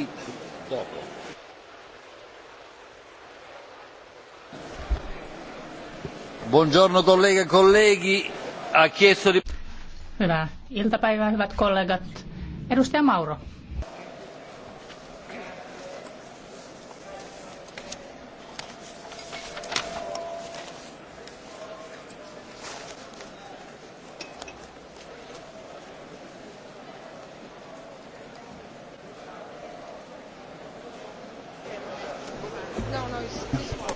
dopo. Buongiorno colleghe e colleghi. Ha chiesto di... Hyvää iltapäivää, hyvät kollegat. Edustaja Mauro. No, no, it's this one.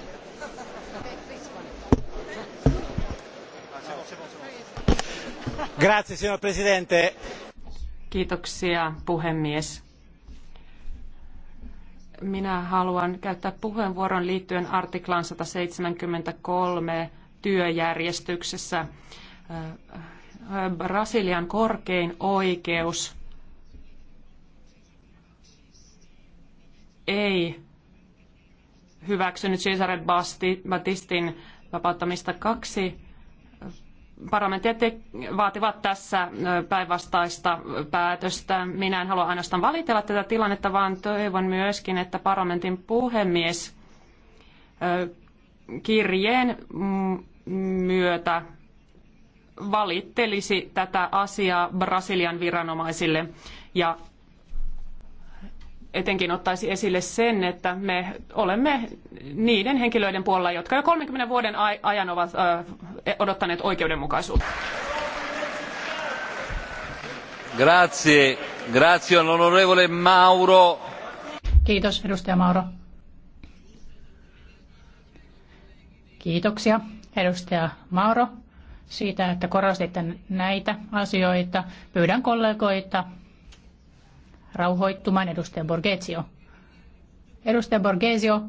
Grazie, signor Presidente. Kiitoksia, puhemies. Minä haluan käyttää puheenvuoron liittyen artiklaan 173 työjärjestyksessä. Äh, Brasilian korkein oikeus ei hyväksynyt Cesare Battistin vapauttamista kaksi parlamentti te- vaativat tässä päinvastaista päätöstä. Minä en halua ainoastaan valitella tätä tilannetta, vaan toivon myöskin, että parlamentin puhemies kirjeen myötä valittelisi tätä asiaa Brasilian viranomaisille ja etenkin ottaisi esille sen, että me olemme niiden henkilöiden puolella, jotka jo 30 vuoden ajan ovat odottaneet oikeudenmukaisuutta. Grazie, grazie onorevole Mauro. Kiitos, edustaja Mauro. Kiitoksia, edustaja Mauro, siitä, että korostitte näitä asioita. Pyydän kollegoita rauhoittumaan. Edustaja Borgesio. Edustaja Borgesio,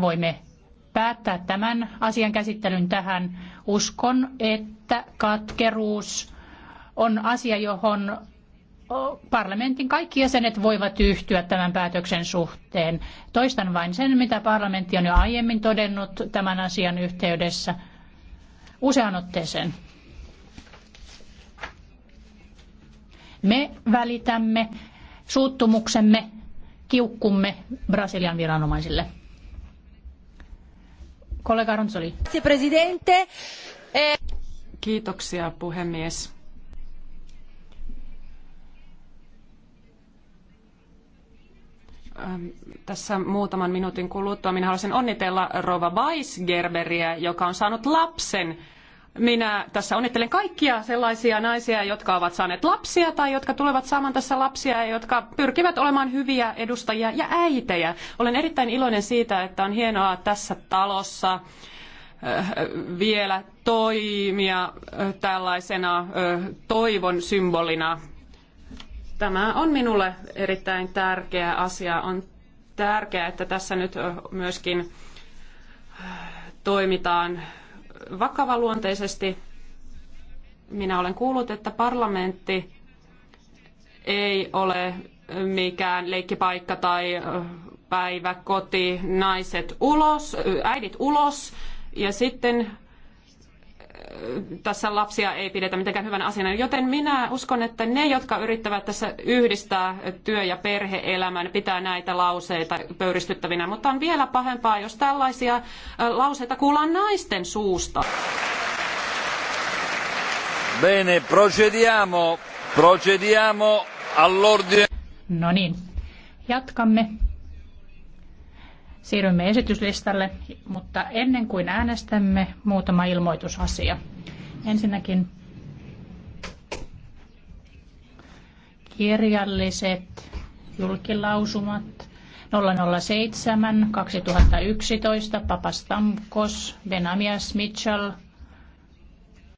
voimme päättää tämän asian käsittelyn tähän. Uskon, että katkeruus on asia, johon parlamentin kaikki jäsenet voivat yhtyä tämän päätöksen suhteen. Toistan vain sen, mitä parlamentti on jo aiemmin todennut tämän asian yhteydessä useaan otteeseen. Me välitämme suuttumuksemme, kiukkumme Brasilian viranomaisille. Kollega Ronsoli. E- Kiitoksia puhemies. Ähm, tässä muutaman minuutin kuluttua minä haluaisin onnitella Rova Weisgerberiä, joka on saanut lapsen minä tässä onnittelen kaikkia sellaisia naisia, jotka ovat saaneet lapsia tai jotka tulevat saamaan tässä lapsia ja jotka pyrkivät olemaan hyviä edustajia ja äitejä. Olen erittäin iloinen siitä, että on hienoa tässä talossa äh, vielä toimia äh, tällaisena äh, toivon symbolina. Tämä on minulle erittäin tärkeä asia. On tärkeää, että tässä nyt myöskin toimitaan vakavaluonteisesti. Minä olen kuullut, että parlamentti ei ole mikään leikkipaikka tai päiväkoti, naiset ulos, äidit ulos ja sitten tässä lapsia ei pidetä mitenkään hyvänä asiana. Joten minä uskon, että ne, jotka yrittävät tässä yhdistää työ- ja perhe-elämän, pitää näitä lauseita pöyristyttävinä. Mutta on vielä pahempaa, jos tällaisia äh, lauseita kuullaan naisten suusta. Bene, procediamo, procediamo all'ordine. No niin, jatkamme Siirrymme esityslistalle, mutta ennen kuin äänestämme, muutama ilmoitusasia. Ensinnäkin kirjalliset julkilausumat 007 2011 Papastamkos, Benamias Mitchell